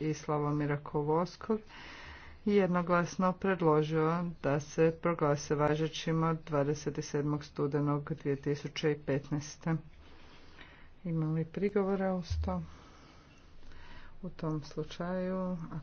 i Slavomira Kovoskov jednoglasno predložio da se proglase važećima 27. studenog 2015. Imali prigovora uz to? U tom slučaju, ako